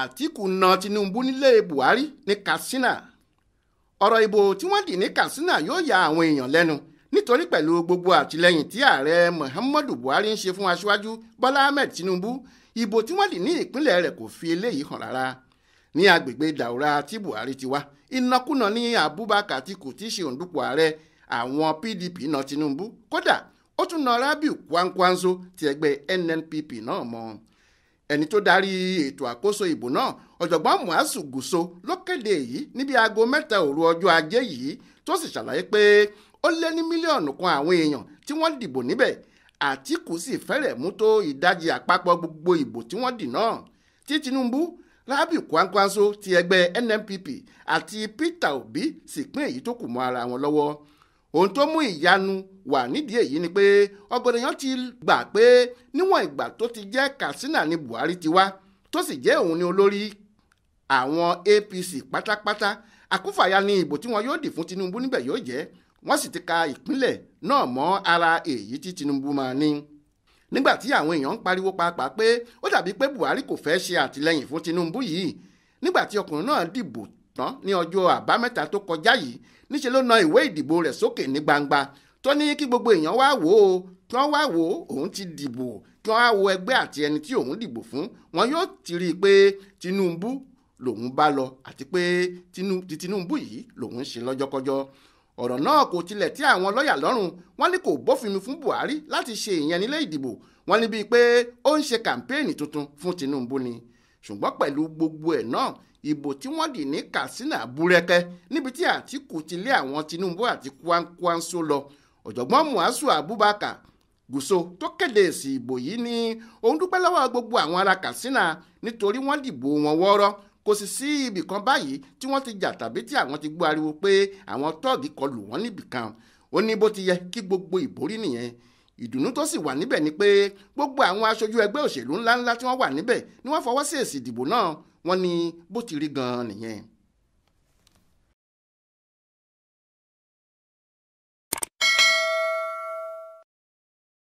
àtìkù na tinubu nílé buhari ní katsina ọ̀rọ̀ ìbò tí wọ́n dì ní katsina yóò ya àwọn èèyàn lẹ́nu nítorí pẹ̀lú gbogbo àtìlẹ́yìn tí ààrẹ muhammadu buhari ń ṣe fún aṣíwájú bọ́lá ahmed tinubu ìbò tí wọ́n dì ní ìpínlẹ̀ rẹ̀ kò fi eléyìí hàn rárá ní agbègbè daura tí buhari ti wá ìnákúnà ní abubakar atiku tí ṣe òǹdúpọ̀ ààrẹ àwọn pdp na tinubu kódà ó tún na rabiu kwankwanso ti ẹgbẹ́ nnpp náà mọ́ ẹni tó darí ètò àkóso ìbò náà ọ̀jọ̀gbọ́n muazu guso ló kéde èyí níbi aago mẹ́ta òru ọjọ́ ajé yìí tó sì ṣàlàyé pé ó lé ní mílíọ̀nù kan àwọn èèyàn tí wọ́n dìbò níbẹ̀ àtìkù sì fẹ́rẹ̀ mú tó ìdajì àpapọ̀ gbogbo ìbò tí wọ́n dì náà tí tinubu rabi kwankwanso ti ẹgbẹ́ nnpp àti peter obi sì pín èyí tó kù mọ́ ara wọn lọ́wọ́ ohun tó mú ìyanu wà nídìí èyí ni pé ọ̀gọ̀dọ̀ èèyàn ti gbà pé níwọ̀n ìgbà tó ti jẹ́ Katsina ni Buhari ti wá tó sì jẹ́ òun ni olórí àwọn APC pátápátá àkúfàyà ni ìbò tí wọn yóò dì fún Tinubu níbẹ̀ yóò jẹ́ wọ́n sì ti ka ìpínlẹ̀ náà mọ́ ara èyí tí Tinubu máa ní nígbà tí àwọn èèyàn ń pariwo pàápàá pé ó dàbí pé Buhari kò fẹ́ ṣe àtìlẹ́yìn fún Tinubu yìí nígbà tí ọkùnrin náà dìbò tán ní ọjọ́ àbámẹ́ta tó kọjá yìí níṣẹ́ ló na ìwé ìdìbò rẹ̀ sókè ní gbangba tó ní kí gbogbo èèyàn wá wò ó kí wọ́n wá wò ó òun ti dìbò kí wọ́n wá wo ẹgbẹ́ àti ẹni tí òun dìbò fún wọn yóò ti rí i pé Tinubu lòun bá lọ àti pé ti Tinubu yìí lòun ń ṣe lọ́jọ́kọ́jọ́ ọ̀rọ̀ náà kò tilẹ̀ tí àwọn lọ́ọ̀yà lọ́rùn wọn ní kò bófin mu fún Buhari láti ṣe ìyẹn nílé ìdìbò wọn ní bíi pé ó ń ṣe kàmpéènì tuntun fún Tinubu ni ṣùgbọ́n pẹ̀lú gbogbo ẹ̀ náà ìbò tí wọ́n dì ní Katsina búrẹ́kẹ́ níbi tí Àtìkù ti lé àwọn Tinubu àti Kwankwanso lọ ọ̀jọ̀gbọ́n Muazu Abubakar Gùso tó kéde èsì ìbò yìí ní òun dúpẹ́ lọ́wọ́ gbogbo àwọn ará Katsina nítorí wọ́n dìbò wọn wọ́ọ́rọ́ kò sì sí ibì kan báyìí tí wọ́n ti jà tàbí tí àwọn ti gbọ́ ariwo pé àwọn tọ́ọ̀gì kọlù wọ́n níbì kan ó ní bó ti yẹ kí gbogbo ìborí nìyẹn ìdùnnú tó sì wà níbẹ̀ ni pé gbogbo àwọn aṣojú ẹgbẹ́ òṣèlú ńláńlá tí wọ́n wà níbẹ̀ ni wọ́n fọwọ́ sí èsì ìdìbò náà wọ́n ní bó ti rí gan-an nìyẹn